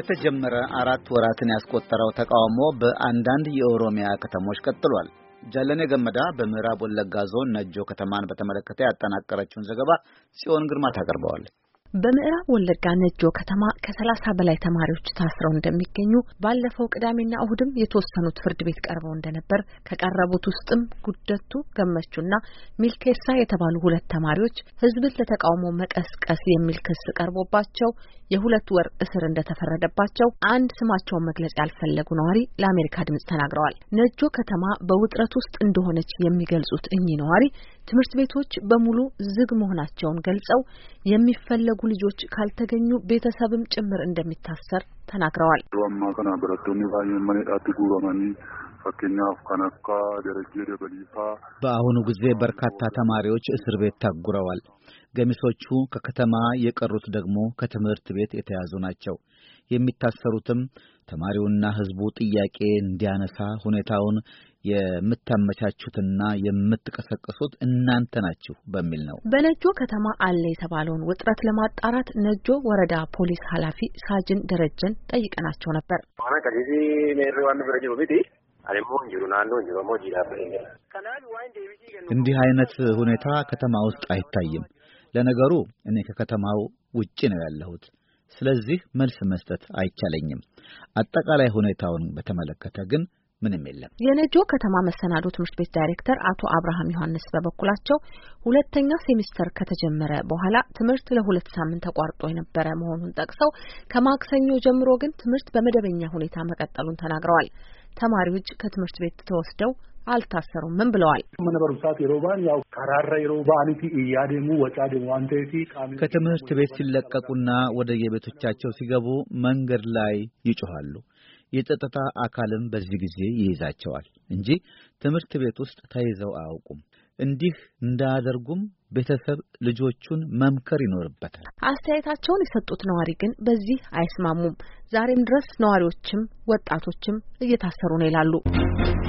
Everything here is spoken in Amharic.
ከተጀመረ አራት ወራትን ያስቆጠረው ተቃውሞ በአንዳንድ የኦሮሚያ ከተሞች ቀጥሏል። ጃለኔ ገመዳ በምዕራብ ወለጋ ዞን ነጆ ከተማን በተመለከተ ያጠናቀረችውን ዘገባ ጽዮን ግርማ ታቀርበዋለች። በምዕራብ ወለጋ ነጆ ከተማ ከሰላሳ በላይ ተማሪዎች ታስረው እንደሚገኙ ባለፈው ቅዳሜና እሁድም የተወሰኑት ፍርድ ቤት ቀርበው እንደነበር ከቀረቡት ውስጥም ጉደቱ ገመቹና ሚልኬሳ የተባሉ ሁለት ተማሪዎች ሕዝብን ለተቃውሞ መቀስቀስ የሚል ክስ ቀርቦባቸው የሁለት ወር እስር እንደተፈረደባቸው አንድ ስማቸውን መግለጽ ያልፈለጉ ነዋሪ ለአሜሪካ ድምጽ ተናግረዋል። ነጆ ከተማ በውጥረት ውስጥ እንደሆነች የሚገልጹት እኚህ ነዋሪ ትምህርት ቤቶች በሙሉ ዝግ መሆናቸውን ገልጸው የሚፈለጉ ያደረጉ ልጆች ካልተገኙ ቤተሰብም ጭምር እንደሚታሰር ተናግረዋል። በአሁኑ ጊዜ በርካታ ተማሪዎች እስር ቤት ታጉረዋል። ገሚሶቹ ከከተማ የቀሩት ደግሞ ከትምህርት ቤት የተያዙ ናቸው። የሚታሰሩትም ተማሪውና ሕዝቡ ጥያቄ እንዲያነሳ ሁኔታውን የምታመቻቹትና የምትቀሰቅሱት እናንተ ናችሁ በሚል ነው። በነጆ ከተማ አለ የተባለውን ውጥረት ለማጣራት ነጆ ወረዳ ፖሊስ ኃላፊ ሳጅን ደረጀን ጠይቀናቸው ነበር። እንዲህ አይነት ሁኔታ ከተማ ውስጥ አይታይም። ለነገሩ እኔ ከከተማው ውጪ ነው ያለሁት። ስለዚህ መልስ መስጠት አይቻለኝም። አጠቃላይ ሁኔታውን በተመለከተ ግን ምንም የለም። የነጆ ከተማ መሰናዶ ትምህርት ቤት ዳይሬክተር አቶ አብርሃም ዮሐንስ በበኩላቸው ሁለተኛ ሴሚስተር ከተጀመረ በኋላ ትምህርት ለሁለት ሳምንት ተቋርጦ የነበረ መሆኑን ጠቅሰው ከማክሰኞ ጀምሮ ግን ትምህርት በመደበኛ ሁኔታ መቀጠሉን ተናግረዋል። ተማሪዎች ከትምህርት ቤት ተወስደው አልታሰሩምም ብለዋል። ከትምህርት ቤት ሲለቀቁና ወደ የቤቶቻቸው ሲገቡ መንገድ ላይ ይጮኋሉ። የጸጥታ አካልም በዚህ ጊዜ ይይዛቸዋል እንጂ ትምህርት ቤት ውስጥ ተይዘው አያውቁም። እንዲህ እንዳያደርጉም ቤተሰብ ልጆቹን መምከር ይኖርበታል። አስተያየታቸውን የሰጡት ነዋሪ ግን በዚህ አይስማሙም። ዛሬም ድረስ ነዋሪዎችም ወጣቶችም እየታሰሩ ነው ይላሉ።